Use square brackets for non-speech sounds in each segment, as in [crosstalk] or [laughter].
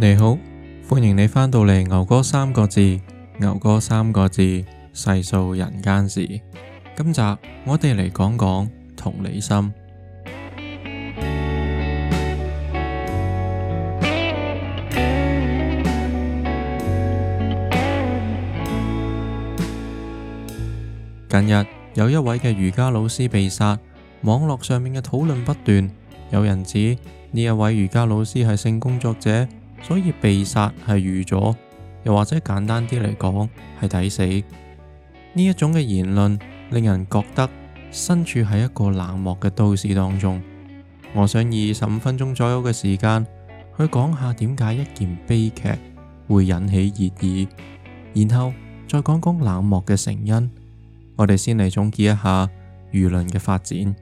你好，歡迎你翻到嚟。牛哥三個字，牛哥三個字，細數人間事。今集我哋嚟講講同理心。近日有一位嘅瑜伽老師被殺，網絡上面嘅討論不斷。有人指呢一位瑜伽老師係性工作者。所以被殺係預咗，又或者簡單啲嚟講係抵死。呢一種嘅言論，令人覺得身處喺一個冷漠嘅都市當中。我想以十五分鐘左右嘅時間去講下點解一件悲劇會引起熱議，然後再講講冷漠嘅成因。我哋先嚟總結一下輿論嘅發展。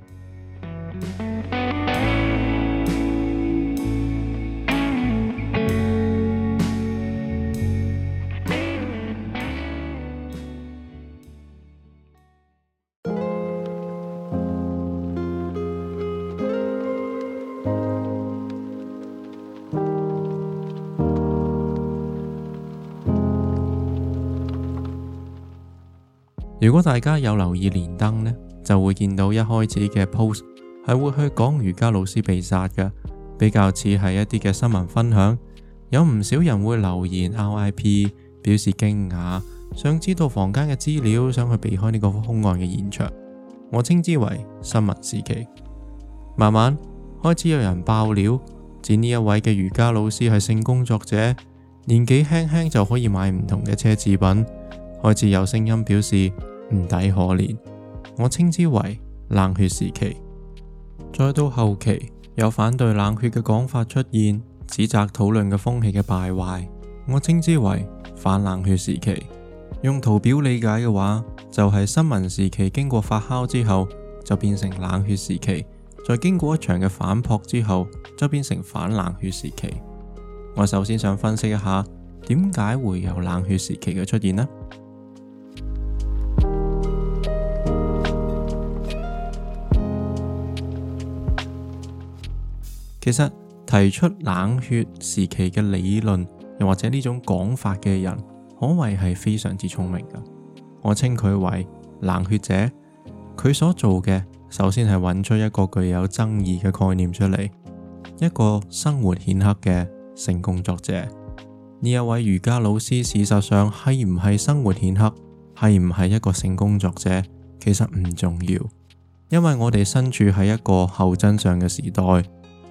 如果大家有留意連登呢，就會見到一開始嘅 post 係會去講瑜伽老師被殺嘅，比較似係一啲嘅新聞分享。有唔少人會留言 R.I.P，表示驚訝，想知道房間嘅資料，想去避開呢個兇案嘅現場。我稱之為新聞時期。慢慢開始有人爆料，指呢一位嘅瑜伽老師係性工作者，年紀輕輕輕就可以買唔同嘅奢侈品。開始有聲音表示。唔抵可憐，我稱之為冷血時期。再到後期有反對冷血嘅講法出現，指責討論嘅風氣嘅敗壞，我稱之為反冷血時期。用圖表理解嘅話，就係新聞時期經過發酵之後就變成冷血時期，再經過一場嘅反撲之後，就變成反冷血時期。我首先想分析一下，點解會有冷血時期嘅出現呢？其實提出冷血時期嘅理論，又或者呢種講法嘅人，可謂係非常之聰明嘅。我稱佢為冷血者。佢所做嘅首先係揾出一個具有爭議嘅概念出嚟，一個生活顯赫嘅性工作者。呢一位瑜伽老師事實上係唔係生活顯赫，係唔係一個性工作者，其實唔重要，因為我哋身處喺一個後真相嘅時代。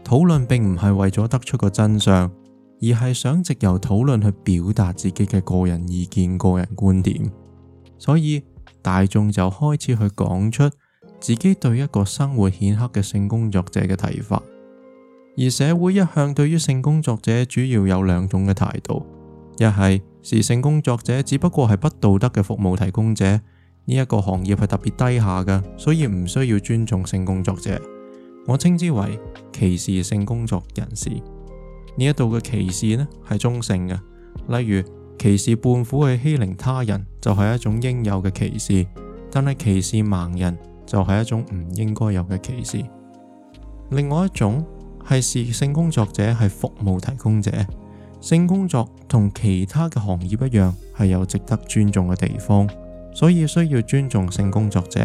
討論並唔係為咗得出個真相，而係想藉由討論去表達自己嘅個人意見、個人觀點。所以大眾就開始去講出自己對一個生活顯赫嘅性工作者嘅睇法。而社會一向對於性工作者主要有兩種嘅態度，一係是，是性工作者只不過係不道德嘅服務提供者，呢、這、一個行業係特別低下嘅，所以唔需要尊重性工作者。我稱之為歧視性工作人士。呢一度嘅歧視呢，係中性嘅。例如歧視胖虎去欺凌他人，就係一種應有嘅歧視；但係歧視盲人，就係一種唔應該有嘅歧視。另外一種係視性工作者係服務提供者。性工作同其他嘅行業一樣，係有值得尊重嘅地方，所以需要尊重性工作者。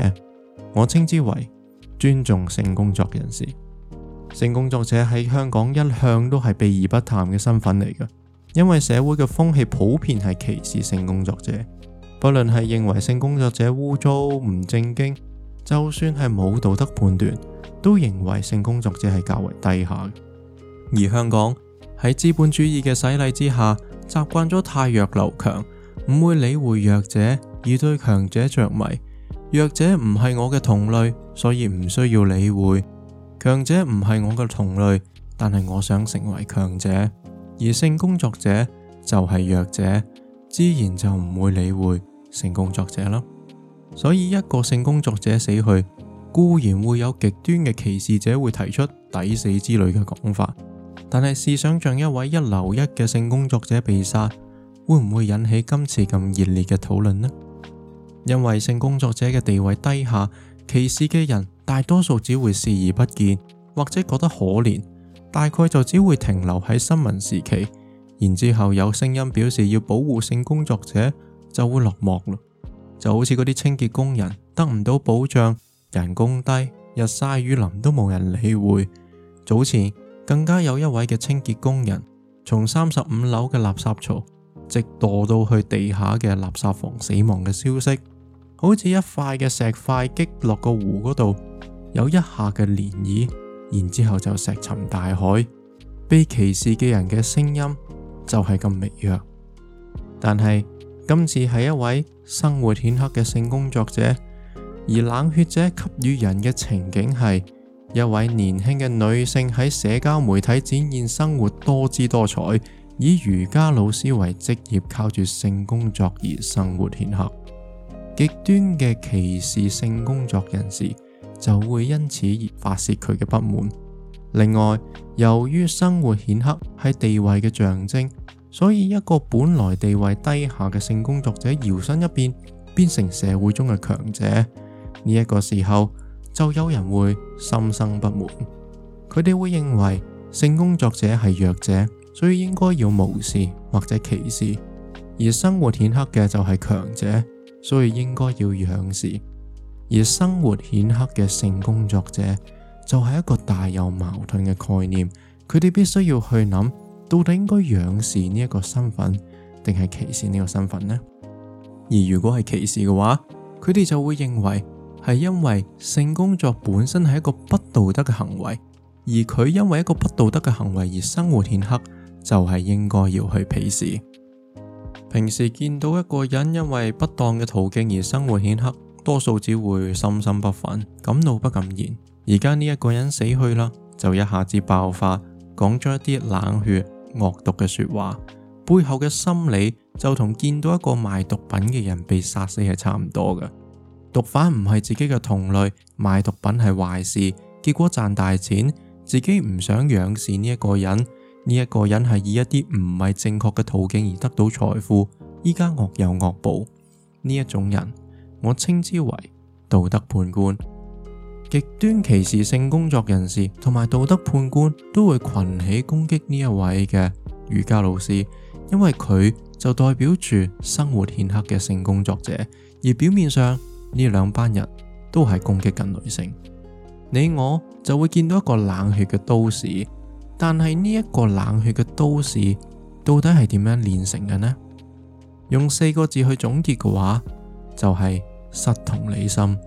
我稱之為。尊重性工作人士，性工作者喺香港一向都係避而不談嘅身份嚟嘅，因為社會嘅風氣普遍係歧視性工作者，不論係認為性工作者污糟唔正經，就算係冇道德判斷，都認為性工作者係較為低下。而香港喺資本主義嘅洗禮之下，習慣咗汰弱留強，唔會理會弱者，而對強者着迷。弱者唔係我嘅同類，所以唔需要理會。強者唔係我嘅同類，但係我想成為強者。而性工作者就係弱者，自然就唔會理會性工作者啦。所以一個性工作者死去，固然會有極端嘅歧視者會提出抵死之類嘅講法，但係試想像一位一流一嘅性工作者被殺，會唔會引起今次咁熱烈嘅討論呢？因為性工作者嘅地位低下，歧視嘅人大多數只會視而不見，或者覺得可憐，大概就只會停留喺新聞時期，然之後有聲音表示要保護性工作者，就會落幕。就好似嗰啲清潔工人得唔到保障，人工低，日曬雨淋都冇人理會。早前更加有一位嘅清潔工人從三十五樓嘅垃圾槽。直墮到去地下嘅垃圾房死亡嘅消息，好似一塊嘅石塊擊落個湖嗰度，有一下嘅漣漪，然之後就石沉大海。被歧視嘅人嘅聲音就係咁微弱，但係今次係一位生活顯赫嘅性工作者，而冷血者給予人嘅情景係一位年輕嘅女性喺社交媒體展現生活多姿多彩。以瑜伽老師為職業，靠住性工作而生活顯赫，極端嘅歧視性工作人士就會因此而發洩佢嘅不滿。另外，由於生活顯赫係地位嘅象徵，所以一個本來地位低下嘅性工作者搖身一變，變成社會中嘅強者，呢一個時候就有人會心生不滿。佢哋會認為性工作者係弱者。所以應該要無視或者歧視，而生活顯赫嘅就係強者，所以應該要仰視。而生活顯赫嘅性工作者就係一個大有矛盾嘅概念，佢哋必須要去諗，到底應該仰視呢一個身份，定係歧視呢個身份呢？而如果係歧視嘅話，佢哋就會認為係因為性工作本身係一個不道德嘅行為，而佢因為一個不道德嘅行為而生活顯赫。就係應該要去鄙視。平時見到一個人因為不當嘅途徑而生活顯赫，多數只會心心不忿，敢怒不敢言。而家呢一個人死去啦，就一下子爆發，講咗一啲冷血、惡毒嘅說話。背後嘅心理就同見到一個賣毒品嘅人被殺死係差唔多嘅。毒販唔係自己嘅同類，賣毒品係壞事，結果賺大錢，自己唔想仰視呢一個人。呢一個人係以一啲唔係正確嘅途徑而得到財富，依家惡有惡報。呢一種人，我稱之為道德判官。極端歧視性工作人士同埋道德判官都會群起攻擊呢一位嘅瑜伽老師，因為佢就代表住生活顯赫嘅性工作者。而表面上呢兩班人都係攻擊緊女性，你我就會見到一個冷血嘅都市。但係呢一個冷血嘅都市，到底係點樣練成嘅呢？用四個字去總結嘅話，就係、是、失同理心。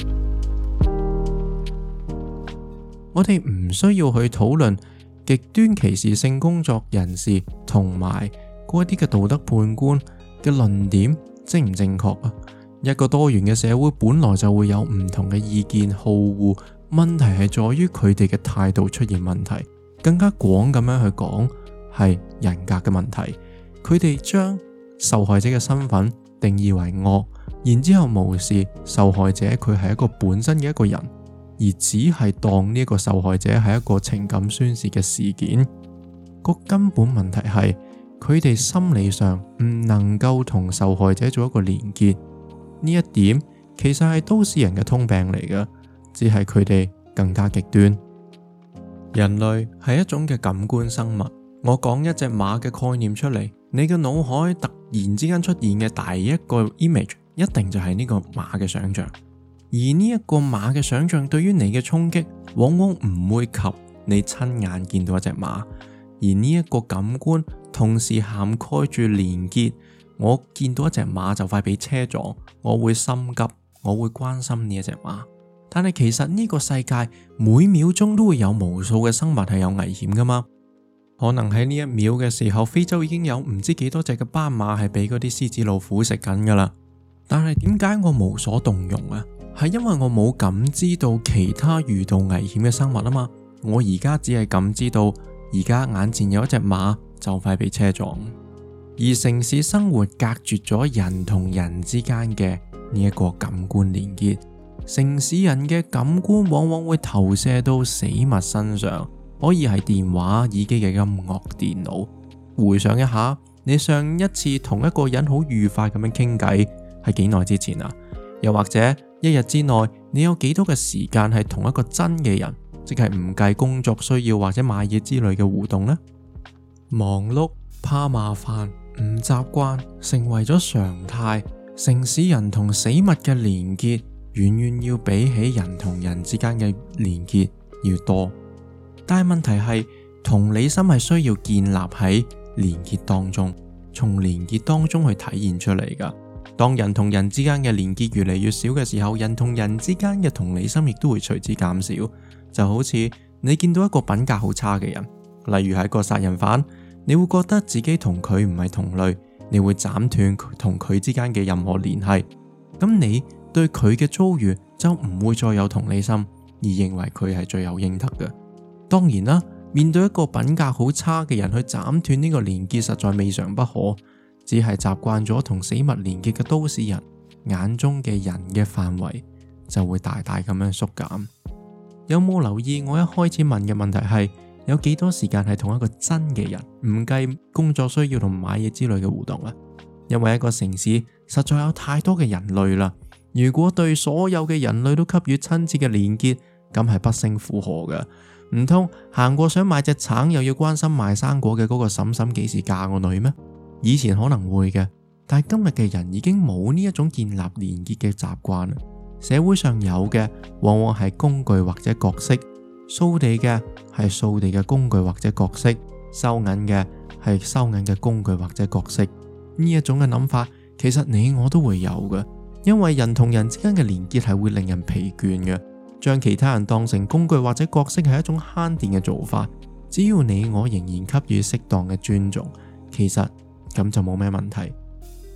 [music] 我哋唔需要去討論極端歧視性工作人士同埋嗰啲嘅道德判官嘅論點正唔正確啊！一個多元嘅社會本來就會有唔同嘅意見交互。好戶問題係在於佢哋嘅態度出現問題，更加廣咁樣去講，係人格嘅問題。佢哋將受害者嘅身份定義為惡，然之後無視受害者佢係一個本身嘅一個人，而只係當呢一個受害者係一個情感宣洩嘅事件。個根本問題係佢哋心理上唔能夠同受害者做一個連結，呢一點其實係都市人嘅通病嚟嘅。只係佢哋更加極端。人類係一種嘅感官生物。我講一隻馬嘅概念出嚟，你嘅腦海突然之間出現嘅第一個 image，一定就係呢個馬嘅想象。而呢一個馬嘅想象對於你嘅衝擊，往往唔會及你親眼見到一隻馬。而呢一個感官同時涵蓋住連結。我見到一隻馬就快俾車撞，我會心急，我會關心呢一隻馬。但係其實呢個世界每秒鐘都會有無數嘅生物係有危險噶嘛，可能喺呢一秒嘅時候，非洲已經有唔知幾多隻嘅斑馬係俾嗰啲獅子、老虎食緊噶啦。但係點解我無所動容啊？係因為我冇感知到其他遇到危險嘅生物啊嘛。我而家只係感知到而家眼前有一隻馬就快被車撞，而城市生活隔絕咗人同人之間嘅呢一個感官連結。城市人嘅感官往往會投射到死物身上，可以係電話、耳機嘅音樂、電腦。回想一下，你上一次同一個人好愉快咁樣傾偈，係幾耐之前啊？又或者一日之內，你有幾多嘅時間係同一個真嘅人，即係唔計工作需要或者買嘢之類嘅互動呢？忙碌、怕麻煩、唔習慣，成為咗常態。城市人同死物嘅連結，遠遠要比起人同人之間嘅連結要多，但係問題係同理心係需要建立喺連結當中，從連結當中去體現出嚟㗎。當人同人之間嘅連結越嚟越少嘅時候，人同人之間嘅同理心亦都會隨之減少。就好似你見到一個品格好差嘅人，例如係一個殺人犯，你會覺得自己同佢唔係同類，你會斬斷同佢之間嘅任何聯繫。咁你對佢嘅遭遇就唔會再有同理心，而認為佢係罪有應得嘅。當然啦，面對一個品格好差嘅人去斬斷呢個連結，實在未嘗不可。只係習慣咗同死物連結嘅都市人眼中嘅人嘅範圍就會大大咁樣縮減。嗯、有冇留意我一開始問嘅問題係有幾多時間係同一個真嘅人？唔計工作需要同買嘢之類嘅互動啊，因為一個城市實在有太多嘅人類啦。如果對所有嘅人類都給予親切嘅連結，咁係不勝負荷嘅。唔通行過想買隻橙，又要關心賣生果嘅嗰個嬸嬸幾時嫁個女咩？以前可能會嘅，但係今日嘅人已經冇呢一種建立連結嘅習慣。社會上有嘅，往往係工具或者角色；掃地嘅係掃地嘅工具或者角色；收銀嘅係收銀嘅工具或者角色。呢一種嘅諗法，其實你我都會有嘅。因為人同人之間嘅連結係會令人疲倦嘅，將其他人當成工具或者角色係一種慳電嘅做法。只要你我仍然給予適當嘅尊重，其實咁就冇咩問題。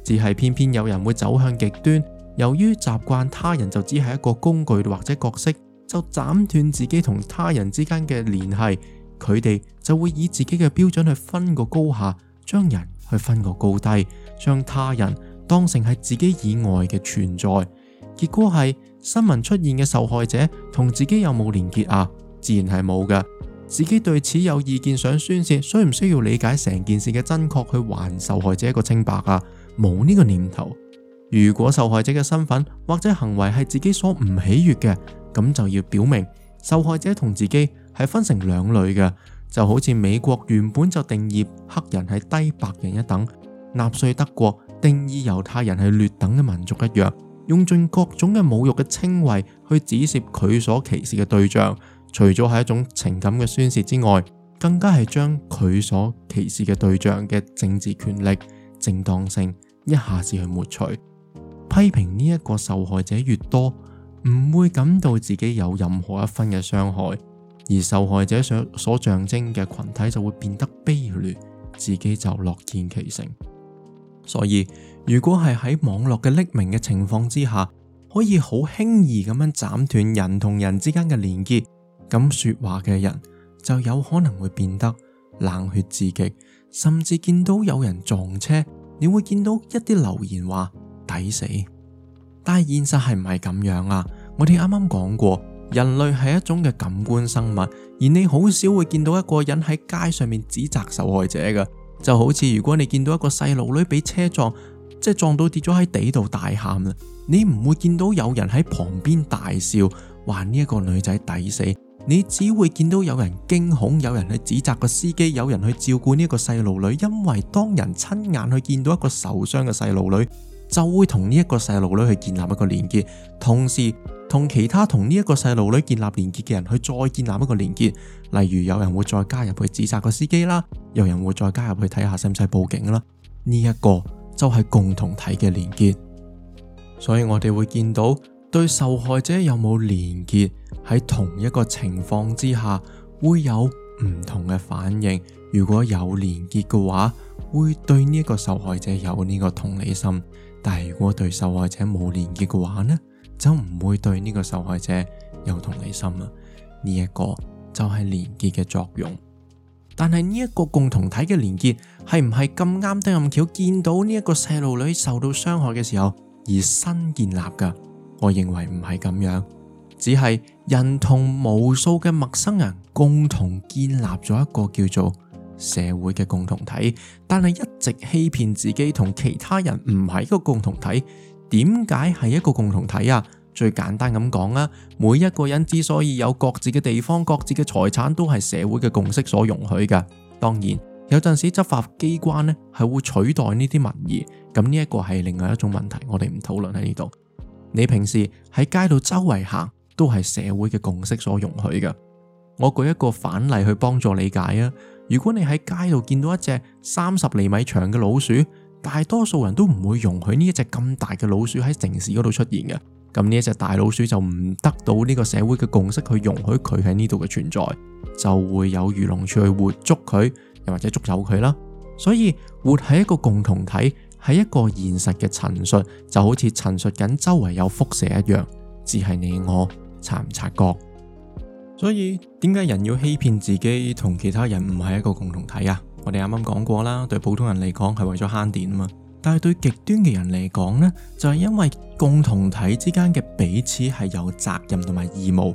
只係偏偏有人會走向極端，由於習慣他人就只係一個工具或者角色，就斬斷自己同他人之間嘅聯繫，佢哋就會以自己嘅標準去分個高下，將人去分個高低，將他人。當成係自己以外嘅存在，結果係新聞出現嘅受害者同自己有冇連結啊？自然係冇嘅。自己對此有意見，想宣洩，需唔需要理解成件事嘅真確去還受害者一個清白啊？冇呢個念頭。如果受害者嘅身份或者行為係自己所唔喜悅嘅，咁就要表明受害者同自己係分成兩類嘅，就好似美國原本就定義黑人係低白人一等，納粹德國定義猶太人係劣等嘅民族一樣，用盡各種嘅侮辱嘅稱謂去指涉佢所歧視嘅對象，除咗係一種情感嘅宣洩之外，更加係將佢所歧視嘅對象嘅政治權力、正當性一下子去抹除。批評呢一個受害者越多，唔會感到自己有任何一分嘅傷害，而受害者所所象徵嘅群體就會變得卑劣，自己就樂見其成。所以，如果係喺網絡嘅匿名嘅情況之下，可以好輕易咁樣斬斷人同人之間嘅連結，咁說話嘅人就有可能會變得冷血至極，甚至見到有人撞車，你會見到一啲留言話抵死。但係現實係唔係咁樣啊？我哋啱啱講過，人類係一種嘅感官生物，而你好少會見到一個人喺街上面指責受害者㗎。就好似如果你見到一個細路女俾車撞，即係撞到跌咗喺地度大喊啦，你唔會見到有人喺旁邊大笑，話呢一個女仔抵死，你只會見到有人驚恐，有人去指責個司機，有人去照顧呢個細路女，因為當人親眼去見到一個受傷嘅細路女，就會同呢一個細路女去建立一個連結，同時同其他同呢一個細路女建立連結嘅人去再建立一個連結，例如有人會再加入去指責個司機啦，有人會再加入去睇下使唔使報警啦。呢一個就係共同體嘅連結，所以我哋會見到對受害者有冇連結，喺同一個情況之下會有唔同嘅反應。如果有連結嘅話，會對呢一個受害者有呢個同理心。但如果對受害者冇連結嘅話呢，就唔會對呢個受害者有同理心啦。呢一個就係連結嘅作用。但係呢一個共同體嘅連結係唔係咁啱得咁巧見到呢一個細路女受到傷害嘅時候而新建立噶？我認為唔係咁樣，只係人同無數嘅陌生人共同建立咗一個叫做。社會嘅共同體，但係一直欺騙自己同其他人唔係一個共同體。點解係一個共同體啊？最簡單咁講啦，每一個人之所以有各自嘅地方、各自嘅財產，都係社會嘅共識所容許㗎。當然有陣時執法機關呢係會取代呢啲民意，咁呢一個係另外一種問題，我哋唔討論喺呢度。你平時喺街道周圍行都係社會嘅共識所容許㗎。我舉一個反例去幫助理解啊。如果你喺街度見到一隻三十厘米長嘅老鼠，大多數人都唔會容許呢一隻咁大嘅老鼠喺城市嗰度出現嘅。咁呢一隻大老鼠就唔得到呢個社會嘅共識去容許佢喺呢度嘅存在，就會有漁農處去活捉佢，又或者捉走佢啦。所以活喺一個共同體係一個現實嘅陳述，就好似陳述緊周圍有輻射一樣，只係你我察唔察覺？所以點解人要欺騙自己同其他人唔係一個共同體啊？我哋啱啱講過啦，對普通人嚟講係為咗慳電啊嘛。但係對極端嘅人嚟講呢，就係因為共同體之間嘅彼此係有責任同埋義務，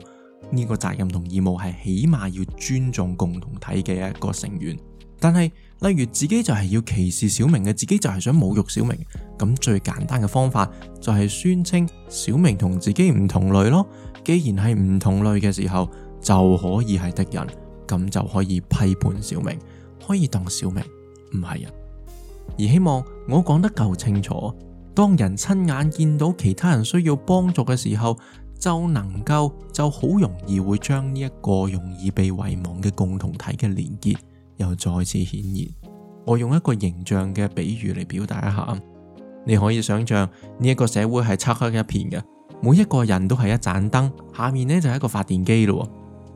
呢個責任同義務係起碼要尊重共同體嘅一個成員。但係例如自己就係要歧視小明嘅，自己就係想侮辱小明，咁最簡單嘅方法就係宣稱小明同自己唔同類咯。既然係唔同類嘅時候，就可以係敵人，咁就可以批判小明，可以當小明唔係人。而希望我講得夠清楚，當人親眼見到其他人需要幫助嘅時候，就能夠就好容易會將呢一個容易被遺忘嘅共同體嘅連結，又再次顯現。我用一個形象嘅比喻嚟表達一下，你可以想象呢一個社會係漆黑一片嘅，每一個人都係一盞燈，下面呢就係一個發電機咯。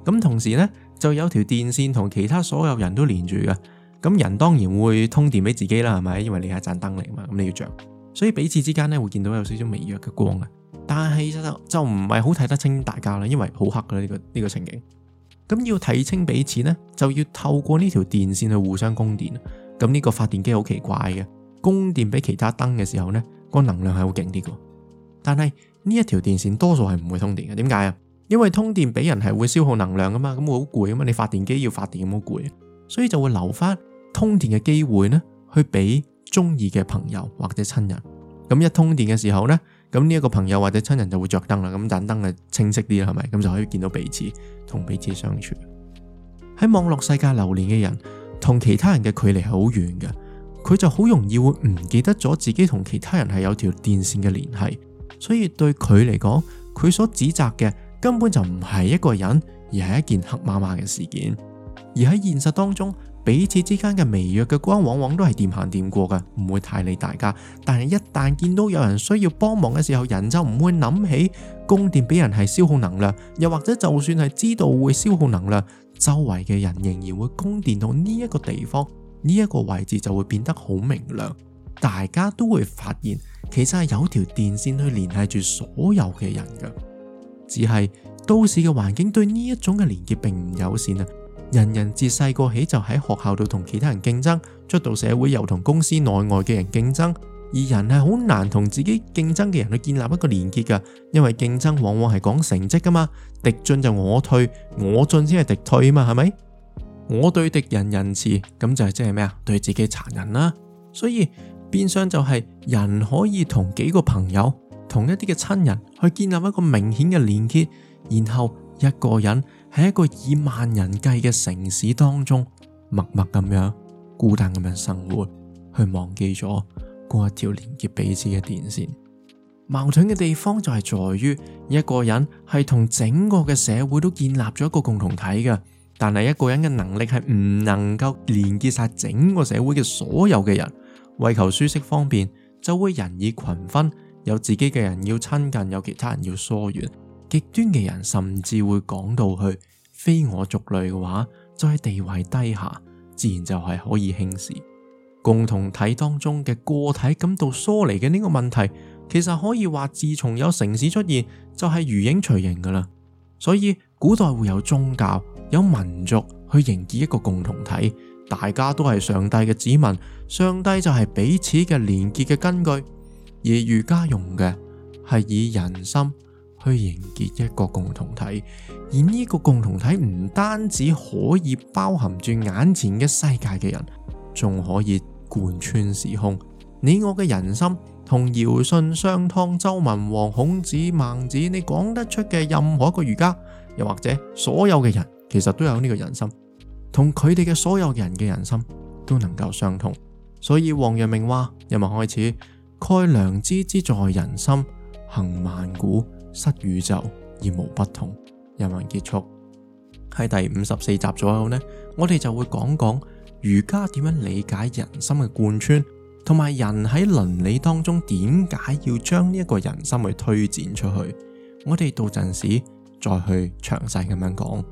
咁同時呢，就有條電線同其他所有人都連住嘅。咁人當然會通電俾自己啦，係咪？因為你係一盞燈嚟嘛。咁你要着。所以彼此之間咧會見到有少少微弱嘅光嘅。但係就唔係好睇得清大家啦，因為好黑嘅呢個呢個情景。咁要睇清彼此呢，就要透過呢條電線去互相供電。咁呢個發電機好奇怪嘅，供電俾其他燈嘅時候呢，個能量係好勁啲嘅。但係呢一條電線多數係唔會通電嘅，點解啊？因為通電俾人係會消耗能量噶嘛，咁會好攰啊嘛，你發電機要發電咁好攰，所以就會留翻通電嘅機會呢，去俾中意嘅朋友或者親人。咁一通電嘅時候呢，咁呢一個朋友或者親人就會着燈啦，咁盞燈，燈就清晰啲，係咪？咁就可以見到彼此同彼此相處。喺網絡世界流連嘅人，同其他人嘅距離係好遠噶，佢就好容易會唔記得咗自己同其他人係有條電線嘅聯繫，所以對佢嚟講，佢所指責嘅根本就唔係一個人，而係一件黑麻麻嘅事件。而喺現實當中，彼此之間嘅微弱嘅光，往往都係掂行掂過嘅，唔會太理會大家。但係一旦見到有人需要幫忙嘅時候，人就唔會諗起供電俾人係消耗能量，又或者就算係知道會消耗能量，周圍嘅人仍然會供電到呢一個地方，呢、這、一個位置就會變得好明亮。大家都會發現，其實係有條電線去聯繫住所有嘅人嘅。只係都市嘅環境對呢一種嘅連結並唔友善啊！人人自細個起就喺學校度同其他人競爭，出到社會又同公司內外嘅人競爭，而人係好難同自己競爭嘅人去建立一個連結噶，因為競爭往往係講成績噶嘛，敵進就我退，我進先係敵退啊嘛，係咪？我對敵人仁慈，咁就係即係咩啊？對自己殘忍啦，所以變相就係人可以同幾個朋友同一啲嘅親人去建立一個明顯嘅連結，然後一個人喺一個以萬人計嘅城市當中，默默咁樣孤單咁樣生活，去忘記咗嗰一條連結彼此嘅電線。 [noise] 矛盾嘅地方就係在於，一個人係同整個嘅社會都建立咗一個共同體嘅，但係一個人嘅能力係唔能夠連結晒整個社會嘅所有嘅人，為求舒適方便，就會人以群分。有自己嘅人要親近，有其他人要疏遠，極端嘅人甚至會講到去非我族類嘅話，就係地位低下，自然就係可以輕視。共同體當中嘅個體感到疏離嘅呢個問題，其實可以話自從有城市出現就係、是、如影隨形噶啦。所以古代會有宗教、有民族去營建一個共同體，大家都係上帝嘅子民，上帝就係彼此嘅連結嘅根據。而儒家用嘅係以人心去凝結一個共同體，而呢個共同體唔單止可以包含住眼前嘅世界嘅人，仲可以貫穿時空。你我嘅人心同堯舜、商湯、周文王、孔子、孟子，你講得出嘅任何一個儒家，又或者所有嘅人，其實都有呢個人心，同佢哋嘅所有人嘅人心都能夠相通。所以王陽明話：人民開始。蓋良知之在人心，行萬古，失宇宙，而無不同。人文結束喺第五十四集左右呢，我哋就會講講儒家點樣理解人心嘅貫穿，同埋人喺倫理當中點解要將呢一個人心去推展出去。我哋到陣時再去詳細咁樣講。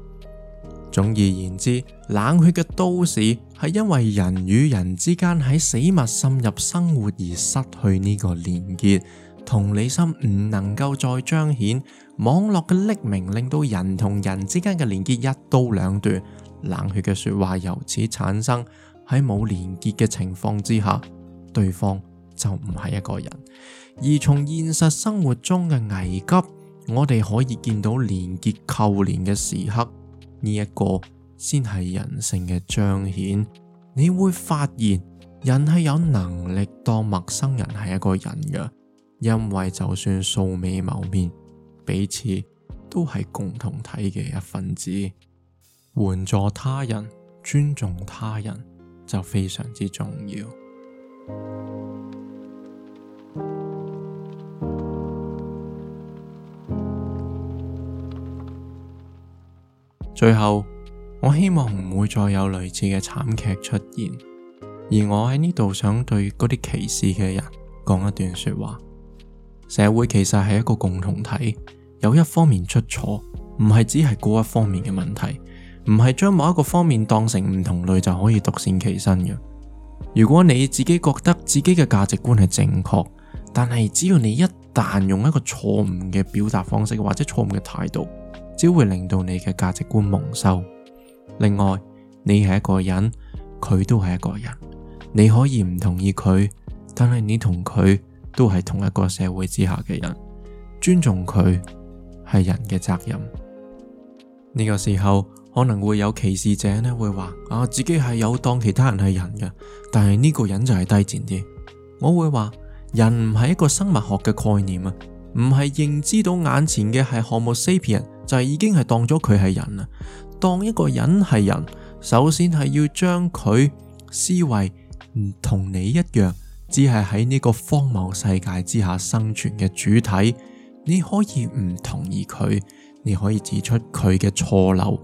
總而言之，冷血嘅都市係因為人與人之間喺死物滲入生活而失去呢個連結，同理心唔能夠再彰顯。網絡嘅匿名令到人同人之間嘅連結一刀兩斷，冷血嘅說話由此產生。喺冇連結嘅情況之下，對方就唔係一個人。而從現實生活中嘅危急，我哋可以見到連結扣連嘅時刻。呢一個先係人性嘅彰顯，你會發現人係有能力當陌生人係一個人嘅，因為就算素未謀面，彼此都係共同體嘅一份子，援助他人、尊重他人就非常之重要。最後，我希望唔會再有類似嘅慘劇出現，而我喺呢度想對嗰啲歧視嘅人講一段說話。社會其實係一個共同體，有一方面出錯，唔係只係嗰一方面嘅問題，唔係將某一個方面當成唔同類就可以獨善其身嘅。如果你自己覺得自己嘅價值觀係正確，但係只要你一旦用一個錯誤嘅表達方式或者錯誤嘅態度。只會令到你嘅價值觀蒙羞。另外，你係一個人，佢都係一個人。你可以唔同意佢，但係你同佢都係同一個社會之下嘅人，尊重佢係人嘅責任。呢個時候可能會有歧視者咧，會話啊，自己係有當其他人係人嘅，但係呢個人就係低賤啲。我會話，人唔係一個生物學嘅概念啊，唔係認知到眼前嘅係 Homo sapien 就已經係當咗佢係人啦，當一個人係人，首先係要將佢視為唔同你一樣，只係喺呢個荒謬世界之下生存嘅主體。你可以唔同意佢，你可以指出佢嘅錯漏，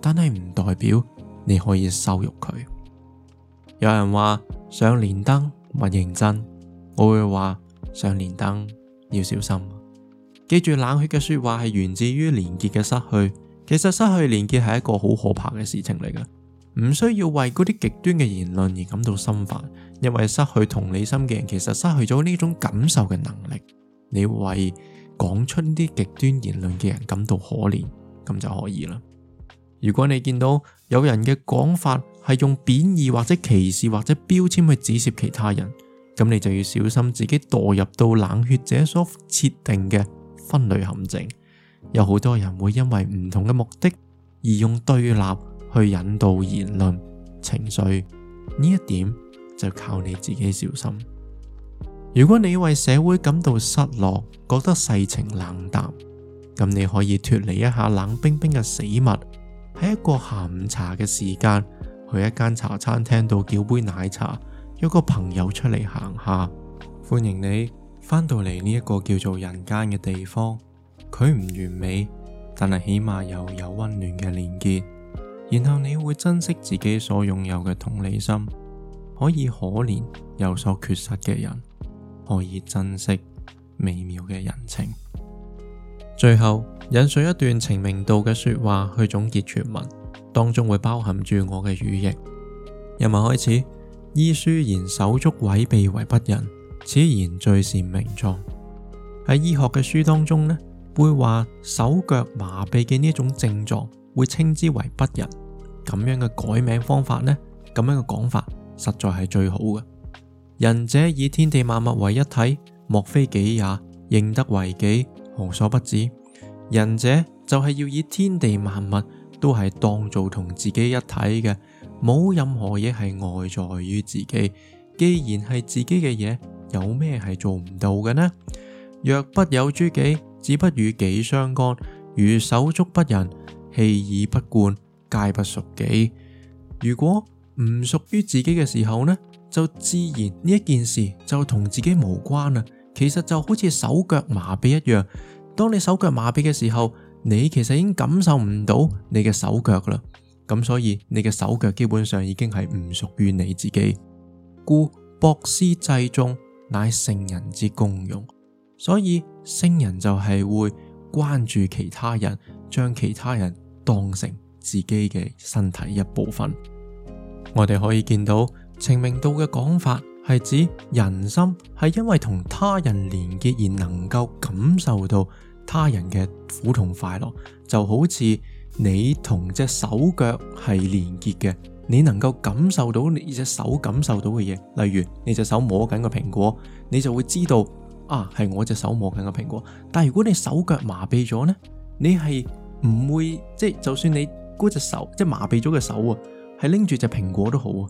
但係唔代表你可以羞辱佢。有人話上連登，或認真，我會話上連登要小心。記住冷血嘅說話係源自於連結嘅失去。其實失去連結係一個好可怕嘅事情嚟噶，唔需要為嗰啲極端嘅言論而感到心煩，因為失去同理心嘅人其實失去咗呢種感受嘅能力。你為講出呢啲極端言論嘅人感到可憐咁就可以啦。如果你見到有人嘅講法係用貶義或者歧視或者標籤去指涉其他人，咁你就要小心自己墮入到冷血者所設定嘅。分類陷阱，有好多人會因為唔同嘅目的而用對立去引導言論、情緒，呢一點就靠你自己小心。如果你為社會感到失落，覺得世情冷淡，咁你可以脫離一下冷冰冰嘅死物，喺一個下午茶嘅時間，去一間茶餐廳度叫杯奶茶，約個朋友出嚟行下，歡迎你，翻到嚟呢一個叫做人間嘅地方，佢唔完美，但係起碼又有溫暖嘅連結。然後你會珍惜自己所擁有嘅同理心，可以可憐有所缺失嘅人，可以珍惜美妙嘅人情。最後引述一段程明道嘅說話去總結全文，當中會包含住我嘅語譯。一文開始，「醫書言手足痿痺為不仁。」此言最善名狀。喺醫學嘅書當中，呢會話手腳麻痹嘅呢一種症狀會稱之為不仁。咁樣嘅改名方法呢，咁樣嘅講法實在係最好嘅。仁者以天地萬物為一體，莫非己也，認得為己，無所不知。仁者就係要以天地萬物都係當做同自己一體嘅，冇任何嘢係外在於自己。既然係自己嘅嘢，有咩係做唔到嘅呢？若不有諸己，只不與己相干；如手足不仁，氣已不貫，皆不屬己。如果唔屬於自己嘅時候呢，就自然呢一件事就同自己無關啦。其實就好似手腳麻痹一樣，當你手腳麻痹嘅時候，你其實已經感受唔到你嘅手腳啦。咁所以你嘅手腳基本上已經係唔屬於你自己。故博施濟眾。乃聖人之共用，所以聖人就係會關注其他人，將其他人當成自己嘅身體一部分。我哋可以見到程明道嘅講法，係指人心係因為同他人連結而能夠感受到他人嘅苦痛快樂，就好似你同隻手腳係連結嘅。你能夠感受到你隻手感受到嘅嘢，例如你隻手摸緊個蘋果，你就會知道啊係我隻手摸緊個蘋果。但如果你手腳麻痹咗呢，你係唔會即、係、就算你嗰隻手即、係、麻痹咗嘅手啊，係拎住隻蘋果都好啊，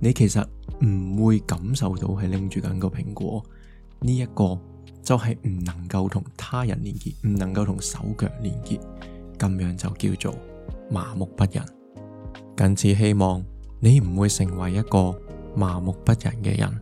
你其實唔會感受到係拎住緊個蘋果。呢、呢、一個就係唔能夠同他人連結，唔能夠同手腳連結，咁樣就叫做麻木不仁。僅此希望你唔會成為一個麻木不仁嘅人。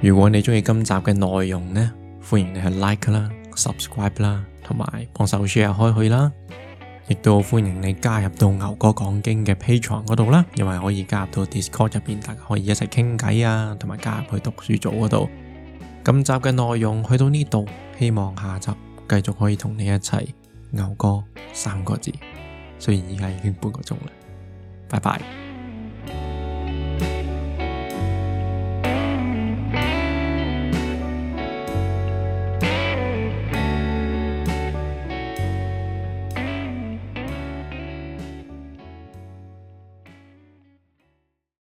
如果你鍾意今集嘅內容呢，歡迎你去 like 啦，subscribe 啦，同埋幫手 share 開去啦，亦都好歡迎你加入到牛哥講經嘅 Patreon 嗰度啦，因為可以加入到 Discord 入邊，大家可以一齊傾偈啊，同埋加入去讀書組嗰度。今集嘅內容去到呢度，希望下集繼續可以同你一齊，牛哥三個字，雖然而家已經半個鐘啦，拜拜。